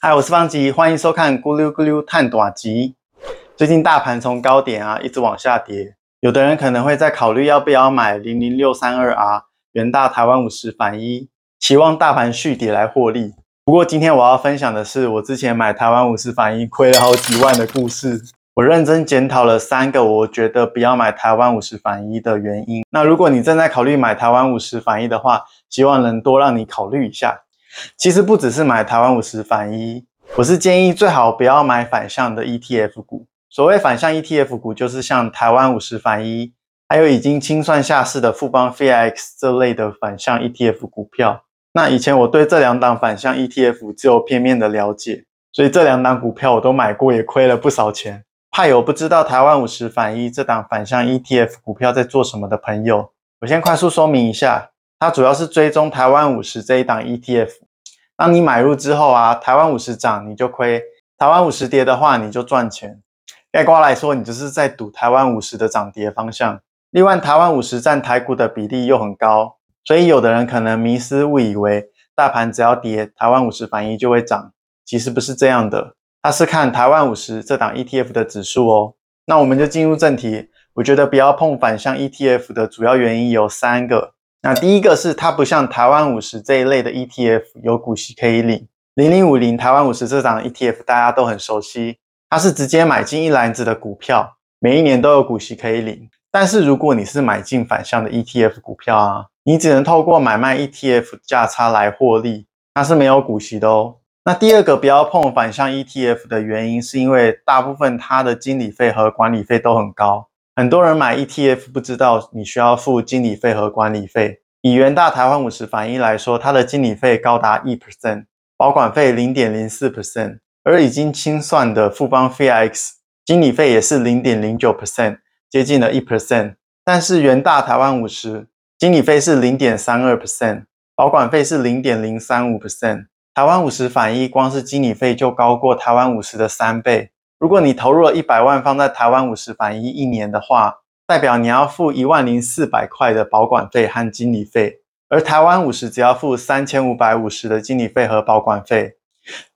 嗨，Hi, 我是方吉，歡迎收看《股溜股溜探大吉》。最近大盤從高點啊一直往下跌，有的人可能會在考慮要不要買零零六三二 R 元大台灣五十反一，期望大盤續跌來獲利。不過今天我要分享的是我之前買台灣五十反一虧了好幾萬的故事。我認真檢討了三個我覺得不要買台灣五十反一的原因。那如果你正在考慮買台灣五十反一的話，希望能多讓你考慮一下。其實不只是買台灣五十反一，我是建議最好不要買反向的 ETF 股。所謂反向 ETF 股，就是像台灣五十反一，還有已經清算下市的富邦 VIX 這類的反向 ETF 股票。那以前我對這兩檔反向 ETF 只有片面的了解，所以這兩檔股票我都買過，也虧了不少錢。怕有不知道台灣五十反一這檔反向 ETF 股票在做什麼的朋友，我先快速說明一下。它主要是追蹤台灣五十這一檔 ETF，當你買入之後啊，台灣五十漲你就虧，台灣五十跌的話你就賺錢。概括來說，你就是在賭台灣五十的漲跌方向。另外，台灣五十佔台股的比例又很高，所以有的人可能迷思誤以為大盤只要跌，台灣五十反應就會漲。其實不是這樣的，它是看台灣五十這檔 ETF 的指數哦。那我們就進入正題，我覺得不要碰反向 ETF 的主要原因有三個。那第一個是它不像台灣五十這一類的 ETF 有股息可以領。零零五零台灣五十這檔 ETF 大家都很熟悉，它是直接買進一籃子的股票，每一年都有股息可以領。但是如果你是買進反向的 ETF 股票啊，你只能透過買賣 ETF 價差來獲利，它是沒有股息的哦。那第二個不要碰反向 ETF 的原因，是因為大部分它的經理費和管理費都很高。很多人買 ETF 不知道你需要付經理費和管理費。以元大台灣五十反一來說，它的經理費高達一 percent，保管費零點零四 percent。而已經清算的富邦 VIX，經理費也是零點零九 percent，接近了一 percent。但是元大台灣五十，經理費是零點三二 percent，保管費是零點零三五 percent。台灣五十反一光是經理費就高過台灣五十的三倍。如果你投入了一百萬放在台灣五十反一一年的話，代表你要付一萬零四百塊的保管費和經理費，而台灣五十只要付三千五百五十的經理費和保管費。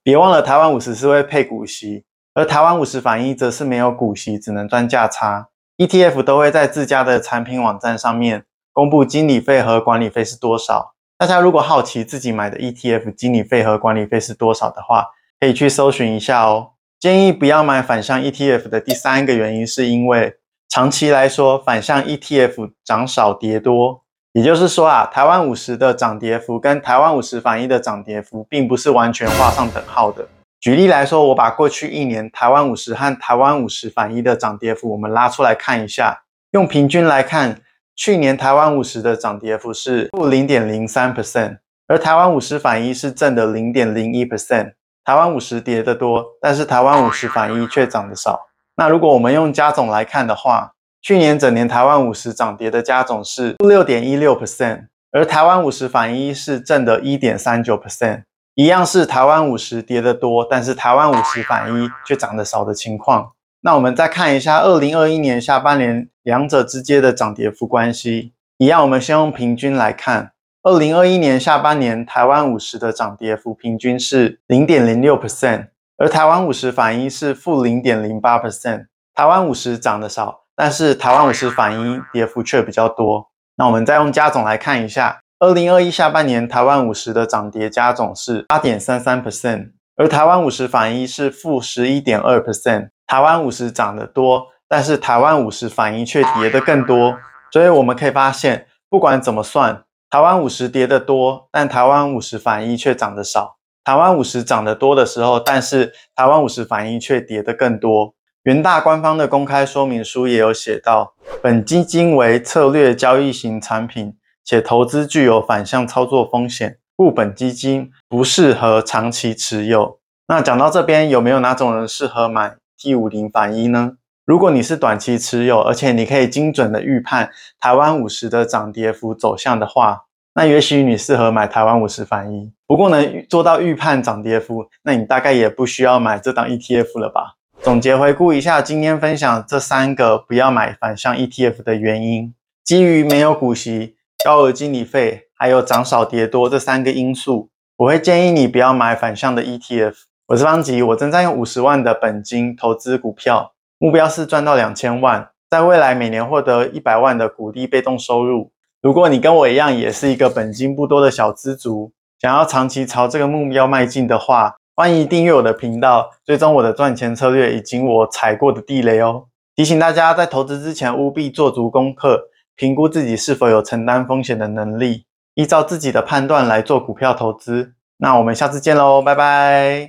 別忘了，台灣五十是會配股息，而台灣五十反一則是沒有股息，只能賺價差。ETF 都會在自家的產品網站上面公布經理費和管理費是多少。大家如果好奇自己買的 ETF 經理費和管理費是多少的話，可以去搜尋一下哦。建議不要買反向 ETF 的第三個原因，是因為長期來說，反向 ETF 漲少跌多。也就是說啊，台灣五十的漲跌幅跟台灣五十反一的漲跌幅，並不是完全畫上等號的。舉例來說，我把過去一年台灣五十和台灣五十反一的漲跌幅，我們拉出來看一下。用平均來看，去年台灣五十的漲跌幅是負零點零三 percent，而台灣五十反一是正的零點零一 percent。台灣五十跌得多，但是台灣五十反一卻漲得少。那如果我們用加總來看的話，去年整年台灣五十漲跌的加總是負六點一六 percent，而台灣五十反一是正的一點三九 percent，一樣是台灣五十跌得多，但是台灣五十反一卻漲得少的情況。那我們再看一下二零二一年下半年兩者之間的漲跌幅關係，一樣我們先用平均來看。二零二一年下半年，台灣五十的漲跌幅平均是零點零六 percent，而台灣五十反一是負零點零八 percent。台灣五十漲得少，但是台灣五十反一跌幅卻比較多。那我們再用加總來看一下，二零二一下半年，台灣五十的漲跌加總是八點三三 percent，而台灣五十反一是負十一點二 percent。台灣五十漲得多，但是台灣五十反一卻跌得更多。所以我們可以發現，不管怎麼算。台灣五十跌得多，但台灣五十反一卻漲得少。台灣五十漲得多的時候，但是台灣五十反一卻跌得更多。元大官方的公開說明書也有寫到，本基金為策略交易型產品，且投資具有反向操作風險，故本基金不適合長期持有。那講到這邊，有沒有哪種人適合買 T 五零反一呢？如果你是短期持有，而且你可以精準地預判台灣五十的漲跌幅走向的話。那也許你適合買台灣五十反一，不過能做到預判漲跌幅，那你大概也不需要買這檔 ETF 了吧？總結回顧一下今天分享這三個不要買反向 ETF 的原因：基於沒有股息、高額經理費，還有漲少跌多這三個因素，我會建議你不要買反向的 ETF。我是方吉，我正在用五十萬的本金投資股票，目標是賺到兩千萬，在未來每年獲得一百萬的股利被動收入。如果你跟我一樣也是一個本金不多的小資族，想要長期朝這個目標邁進的話，歡迎訂閱我的頻道，追蹤我的賺錢策略以及我踩過的地雷哦。提醒大家，在投資之前務必做足功課，評估自己是否有承擔風險的能力，依照自己的判斷來做股票投資。那我們下次見嘍，拜拜。